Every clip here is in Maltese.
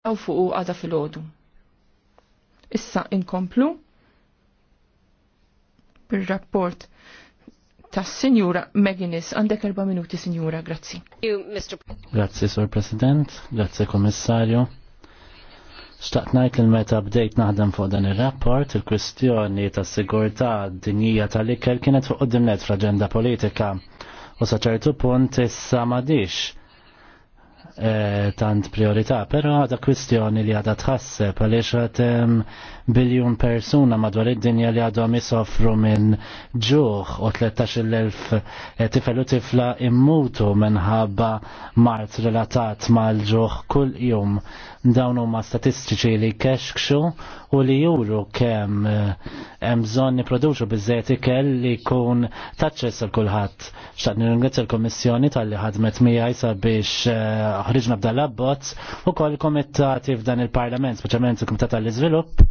għaw u għada fil-ħodu. Issa inkomplu bil-rapport ta' Sinjura Meginis. Għandek erba' minuti, Sinjura, grazzi. Grazzi, Sur President, grazzi, Komissarju. Xtaqt li meta bdejt naħdem fuq dan ir-rapport, il kwistjoni ta' sigurtà dinjija tal-ikel kienet fuq dimnet fl-aġenda politika u saċertu punt issa madix Eh, tant priorità, però għada kwistjoni li għada tħasseb għaliex għat biljun persuna madwar id-dinja li għadhom jisofru minn ġuħ u 13.000 eh, tifel u tifla immutu minħabba mart relatat mal-ġuħ kull jum. Dawn huma statistiċi li kexkxu u li juru kemm eh, hemm bżonn niproduċu biżejjed ikel li jkun taċċess għal kulħadd. Xtaqt nirringrazzja l-Kommissjoni tal-li ħadmet miegħi sabiex ħriġna b'dan l-abbozz u koll komitati f'dan il-Parlament, speċjalment il-Komitat tal-Iżvilupp,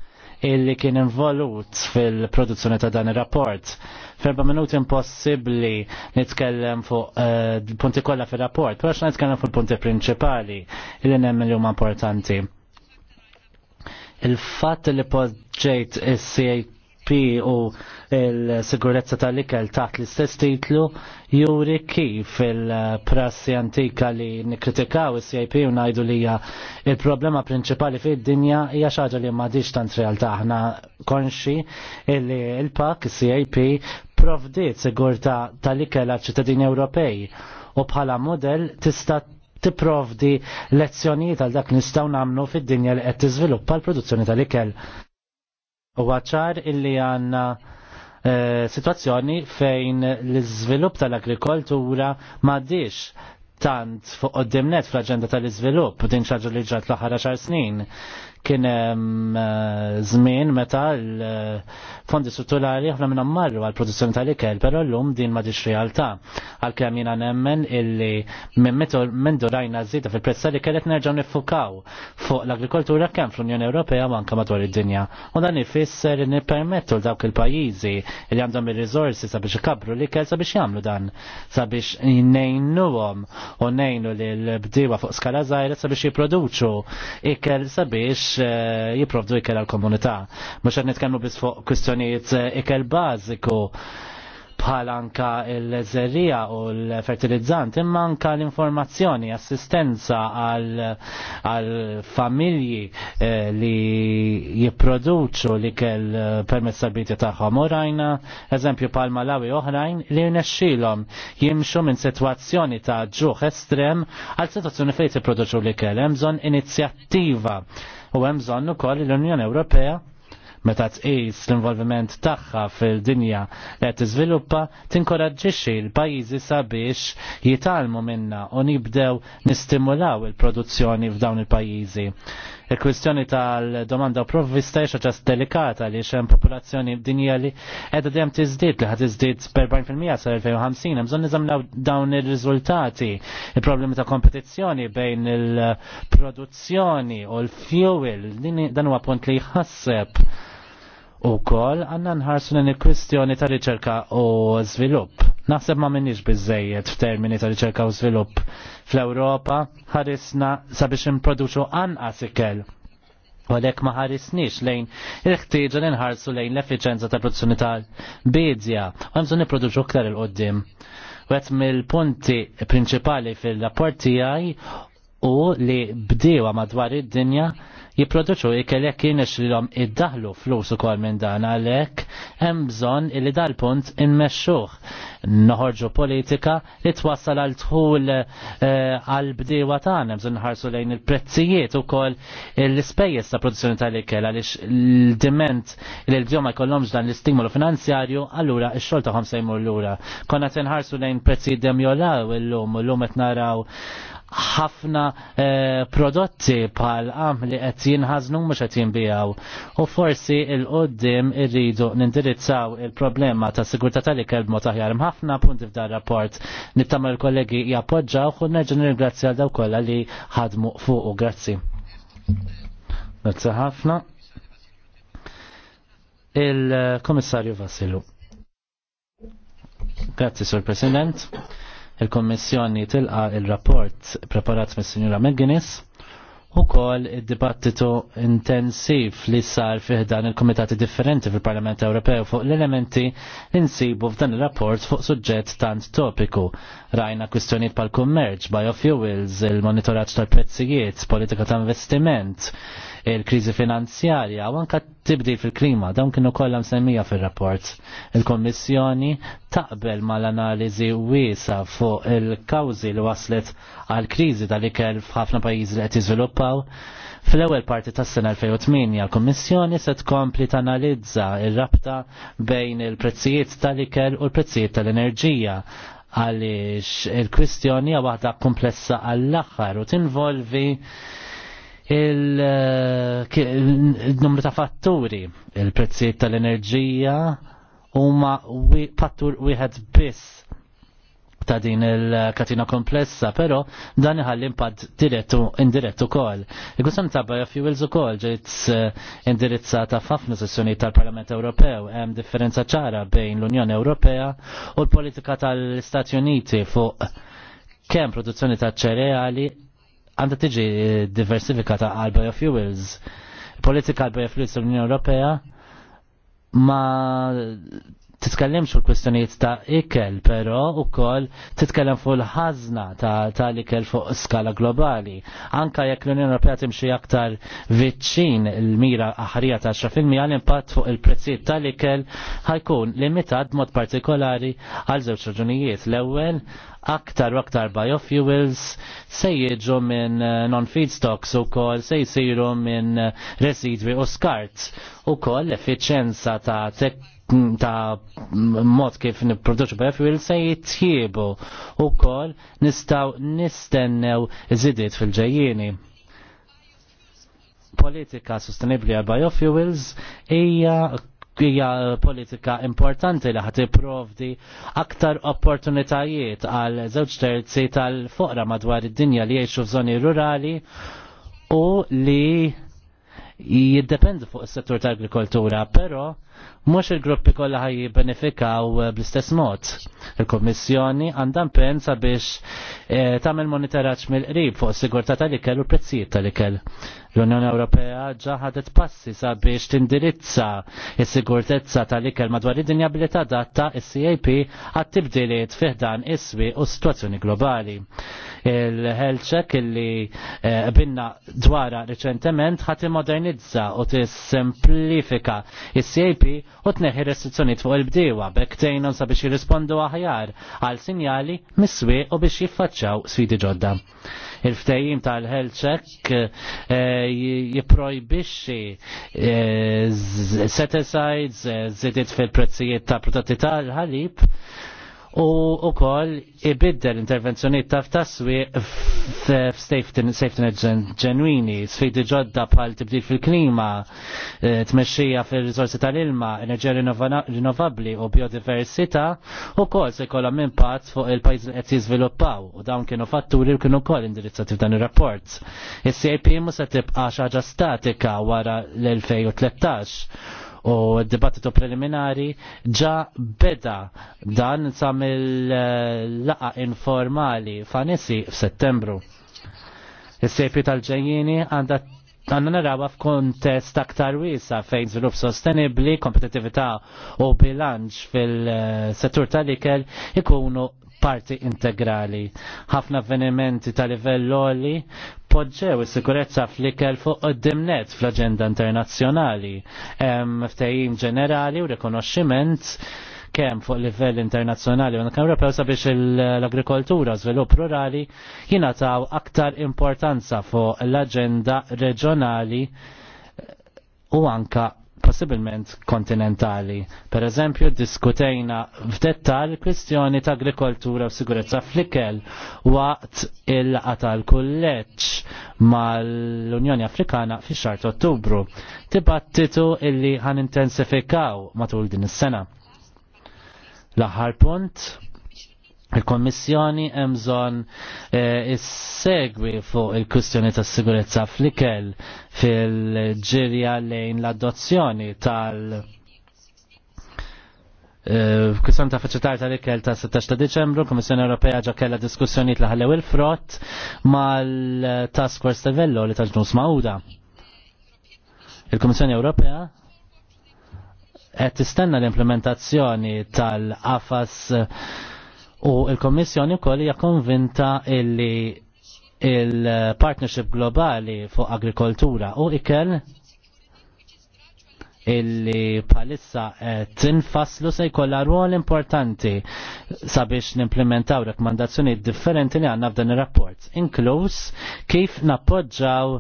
illi kien involut fil-produzzjoni ta' dan ir-rapport. Ferba minuti impossibbli nitkellem fuq il eh, punti kollha fir-rapport, però x'na nitkellem fuq punti prinċipali illi nemmen li huma importanti. Il-fatt li poġġejt is-CAP u l-sigurezza tal-ikel taħt l-istess titlu juri kif il-prassi antika li nikritikaw is-CIP u najdu li hija il-problema prinċipali fid-dinja hija xaġa li ma tant realtà aħna konxi li il-pak CIP provdiet sigurta tal-ikel għal-ċittadini Ewropej u bħala model tista' tipprovdi lezzjonijiet għal dak nistaw nagħmlu fid-dinja li qed tiżviluppa l-produzzjoni tal-ikel. U għacċar illi għanna eh, situazzjoni fejn l-izvilup tal-agrikoltura maddix tant fuq qoddimnet fl-agenda tal iżvilupp din xaġa li ġat l-ħara xar snin. Kien eh, żmien meta l-fondi strutturali ħafna minnhom marru għal produzzjoni tal-ikel, però llum din ma dix realtà. Għalkemm jiena nemmen illi minn durajna żieda fil-prezz tal-ikel qed nerġgħu niffukaw fuq l-agrikoltura kemm fl-Unjoni Ewropea u anke madwar id-dinja. U dan ifisser nippermettu l dawk il-pajjiżi li għandhom ir-riżorsi sabiex ikabru l-ikel sabiex jagħmlu dan, sabiex jnejnuhom u li l-bdiwa fuq skala zaħira sabiex jiproduċu ikel sabiex eh, jiprovdu ikel għal-komunità. Mux għan nitkellmu bis fuq kwistjonijiet eh, ikel bażiku bħal il l-żerrija u l-fertilizzant, imma anka l-informazzjoni, assistenza għal familji eh, li jipproduċu li kell eh, permessa tal-biti tagħhom. U rajna eżempju palmalawi Malawi oħrajn li jnexxilhom jimxu minn sitwazzjoni ta' ġuħ estrem għal situazzjoni fejn jipproduċu li kell. Hemm bżonn inizjattiva u hemm bżonn ukoll l-Unjoni Ewropea meta tqis l-involviment tagħha fil-dinja li qed tiżviluppa tinkoraġġixxi l-pajjiżi sabiex jitalmu minna u nibdew nistimulaw il-produzzjoni f'dawn il-pajjiżi. Il-kwistjoni tal-domanda u provvista hija ċas delikata li xem popolazzjoni dinja li qiegħda dejjem tiżdied li ħad fil b'40% sa 2050 hemm bżonn niżamnaw dawn ir-riżultati. Il-problemi ta' kompetizzjoni bejn il-produzzjoni u l-fuel dan huwa punt li jħasseb U kol għanna nħarsu il kwistjoni ta' riċerka u zvilupp. Naħseb ma minnix bizzejiet f'termini ta' riċerka u zvilupp. Fl-Europa ħarisna sabiex improduċu anqas ikel. U għalek ma ħarisnix lejn il-ħtieġa li nħarsu lejn l-effiċenza ta' produzzjoni ta' bidja. Għamżu niproduċu ktar il-qoddim. Għet mill-punti prinċipali fil-rapporti għaj u li bdewa madwar id-dinja jipproduċu ikel jekk kien ixrilhom iddaħlu flus ukoll minn dan għalhekk hemm bżonn illi dal-punt immexxuh noħorġu politika li twassal għal tħul eh, għal bdiwa tagħna nemżon nħarsu lejn il-prezzijiet ukoll l-ispejjeż ta' produzzjoni tal-ikel għaliex l-diment li l-bdiewa ma jkollhomx dan l-istimolu finanzjarju allura x-xogħol tagħhom se jmur lura. Konna tinħarsu lejn prezzijiet demjolaw illum u llum qed naraw ħafna eh, prodotti pal għam li qed jinħaznu mhux qed jinbijaw. U forsi il-qoddim irridu nindirizzaw il-problema ta' sigurtà tal-ikel b'mod aħjar. Ħafna punti fdar rapport nittama l-kollegi jappoġġaw u nerġa' għal daw kollha li ħadmu fuq u grazzi. Grazzi ħafna. Il-Komissarju Vassilu. Grazzi, Sur President. Il-Kommissjoni tilqa il-rapport preparat mis sinjura McGuinness u kol id-dibattitu intensiv li sar fiħdan il-komitati differenti fil-Parlament Ewropew fuq l-elementi li nsibu f'dan il-rapport fuq suġġett tant topiku. Rajna kwistjoniet pal kummerċ biofuels, il-monitoraġġ tal-prezzijiet, politika ta' investiment, il-kriżi finanzjarja u anka tibdi fil-klima dawn kienu kollha msemmija fir-rapport. Il-Kommissjoni taqbel mal-analiżi wiesa fuq il-kawżi li waslet għal kriżi tal-ikel f'ħafna pajjiżi li qed jiżviluppaw Fl-ewwel parti tas-sena 2008 l-Kummissjoni se tkompli tanalizza r-rabta bejn il-prezzijiet tal-ikel u l-prezzijiet tal-enerġija għaliex il-kwistjoni waħda komplessa għall-aħħar u tinvolvi Eh, il-numru ta' fatturi, il-prezzijiet tal-enerġija huma fattur wieħed biss ta' din il-katina komplessa, pero dan iħalli impad direttu indirettu kol. Il-kusam ta' biofuels u kol ġejt eh, indirizzata fafna sessjoni tal-Parlament Ewropew, hemm differenza ċara bejn l-Unjoni Ewropea u l-politika tal-Istati Uniti fuq kemm produzzjoni ta' ċereali għanda tiġi eh, diversifikata għal biofuels. Politika għal biofuels l-Unjoni Ewropea ma titkellimx fuq kwestjonijiet ta' ikel, u kol titkellem fuq l-ħażna ta', ta l-ikel fuq skala globali. Anka jekk l-Unjoni Ewropea timxi aktar viċċin il-mira aħrija ta' 10% għal impatt fuq il-prezzijiet tal-ikel ħajkun limitat mod partikolari għal żewġ raġunijiet. L-ewwel aktar u aktar biofuels se jiġu minn eh, non-feedstocks u kol se jisiru minn eh, residwi u skart u kol l-efficienza ta' tek ta' mod kif niproduċu biofuel se jitjiebu u kol nistaw nistennew zidiet fil-ġejjini. Politika sostenibli għal biofuels hija hija politika importanti li ħati provdi aktar opportunitajiet għal żewġ terzi tal-foqra madwar id-dinja li jgħixu f'żoni rurali u li jiddependu fuq is-settur tal-agrikoltura, però mux il-gruppi kollha ħaj jibbenefikaw eh, bl-istess mod. Il-Kommissjoni għandha pensa biex eh, tagħmel monitoraġġ mill-qrib fuq is-sigurtà tal-ikel u prezzijiet tal-ikel. L-Unjoni Ewropea ħadet passi sabiex tindirizza s sigurtezza tal-ikel madwar id-dinja billi tadatta s cap għat-tibdiliet fiħdan iswi u situazzjoni globali. Il-health check illi eh, binna dwara reċentement ħat immodernizza u tissemplifika s cap tarifi u tneħi restrizzjonijiet fuq il-bdiewa bekk tgħinhom sabiex jirrispondu aħjar għal sinjali miswi u biex jiffaċċaw sfidi ġodda. Il-ftehim tal-health check eh, jipprojbixxi eh, set-asides, eh, fil-prezzijiet ta' prodotti tal-ħalib u ukoll ibiddel intervenzjoniet taf taswi f'safety net ġenwini, sfidi ġodda bħal tibdil fil-klima, eh, tmexxija fil-riżorsi tal-ilma, enerġija rinnovabbli u biodiversità u kol se jkollhom impatt fuq il-pajjiż li qed jiżviluppaw u dawn kienu fatturi u kienu wkoll indirizzati f'dan ir-rapport. Is-CIP mhux se tibqa' xi ħaġa statika wara l-2013 u d-dibattitu preliminari ġa beda dan sa mill-laqa informali fanisi f'Settembru. Is-sejpi tal-ġejjini għandha għanna narawa f'kontest aktar wisa fejn żvilupp sostenibli, kompetitività u bilanċ fil-settur tal-ikel ikunu parti integrali. Ħafna avvenimenti ta' livell oli podġew is-sikurezza fl-ikel fuq dimnet fl-aġenda internazzjonali. Hemm ftehim ġenerali u rikonoxximent kemm fuq livell internazzjonali u nkun Ewropew sabiex l-agrikoltura żvilupp rurali jingħataw aktar importanza fuq l-aġenda reġjonali u anka possibilment kontinentali. Per eżempju, diskutejna f'dettal kwistjoni ta' agrikoltura u sigurezza fl-ikel waqt il-laqa tal-kulleġġ mal-Unjoni Afrikana fi xar Ottubru. Tibattitu illi ħan intensifikaw matul din is-sena. L-aħħar punt, Il-Kommissjoni hemm bżonn eh, issegwi fuq il-kwistjoni tas-sigurezza fl-ikel fil-ġirja lejn l-adozzjoni tal- eh, Kwistjoni ta' feċetar tal-ikel ta' 16 ta' Deċembru, Komissjoni Ewropea ġa kellha diskussjonijiet li ħallew il-frott mal-Task Force Tevello li ta' ġnus Mawda. il komissjoni Ewropea qed tistenna l-implementazzjoni tal afas U il-Kommissjoni wkoll hija konvinta illi il-partnership globali fuq agrikoltura u ikel illi palissa tinfaslu se jkollha rwol importanti sabiex nimplementaw rekomandazzjoni differenti li għandna f'dan ir-rapport, inkluż kif nappoġġaw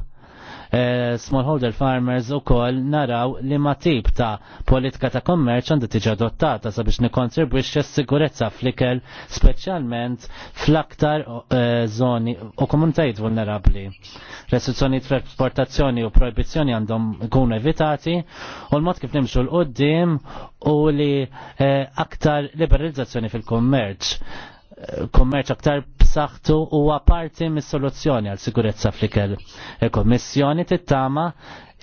Eh, smallholder farmers u koll naraw li ma tip ta' politika ta' kommerċ għandu tiġi adottata sabiex nikontribwix s-sigurezza fl-ikel specialment fl-aktar eh, zoni u komunitajiet vulnerabli. Restrizzjoni fl-esportazzjoni u proibizzjoni għandhom kunu evitati u l-mod kif nimxu l-qoddim u li eh, aktar liberalizzazzjoni fil-kommerċ. Kommerċ aktar Saħħtu huwa parti mis-soluzzjoni għal sigurezza fl-ikel. Il-Kommissjoni tittama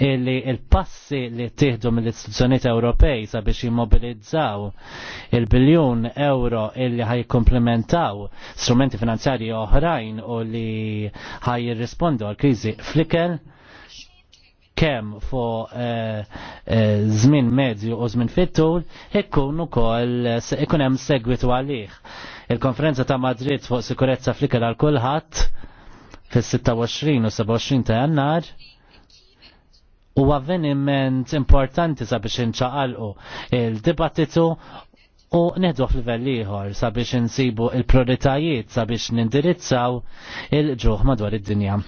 illi il-passi li tieħdu mill-istituzzjonijiet Ewropej sabiex jimmobilizzaw il-biljun euro illi ħaj komplementaw strumenti finanzjarji oħrajn u li ħaj jirrispondu għal kriżi fl-ikel kemm fuq eh, eh, żmien medju u żmien fittur, tul ikun ukoll ikun hemm segwitu għalih. Il-konferenza ta' Madrid fuq sikurezza fl-ikel għal kulħadd fis-26 u 27 ta' Jannar u avveniment importanti sabiex inċaqalqu il-dibattitu u neħdu f'livell ieħor sabiex insibu il-prioritajiet sabiex nindirizzaw il-ġuħ madwar id-dinja.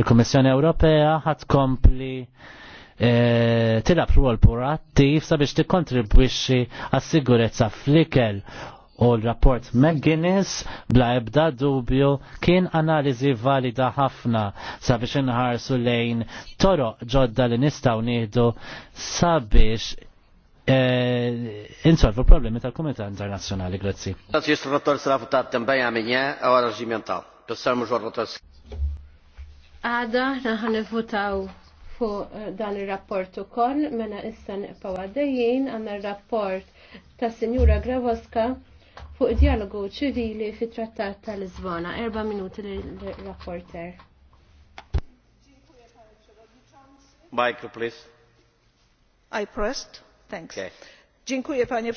Il-Kummissjoni Ewropea ħadd kompli e, tilab ruol purattiv sabiex tikkontribwixxi għas-sigurezza fl-ikel u l-rapport McGuinness bla ebda dubju kien analiżi valida ħafna sabiex inħarsu lejn toro ġodda li nistaw nieħdu sabiex eh, insolvu problemi tal-Komunità Internazzjonali. Grazzi. Grazzi, jistru rattor s-rafu ta' tembajja minja għal-reġimental. Bissar muġor rattor Għada naħan votaw fuq eh, dan il-rapport u koll, mena issa nipaw għaddejjien għanna il-rapport ta' Signora Gravoska fuq dialogu ċivili fi trattat tal-Lisbona. Erba minuti l-rapporter. Micro, please. I pressed. Thanks. Okay. Dziękuję, panie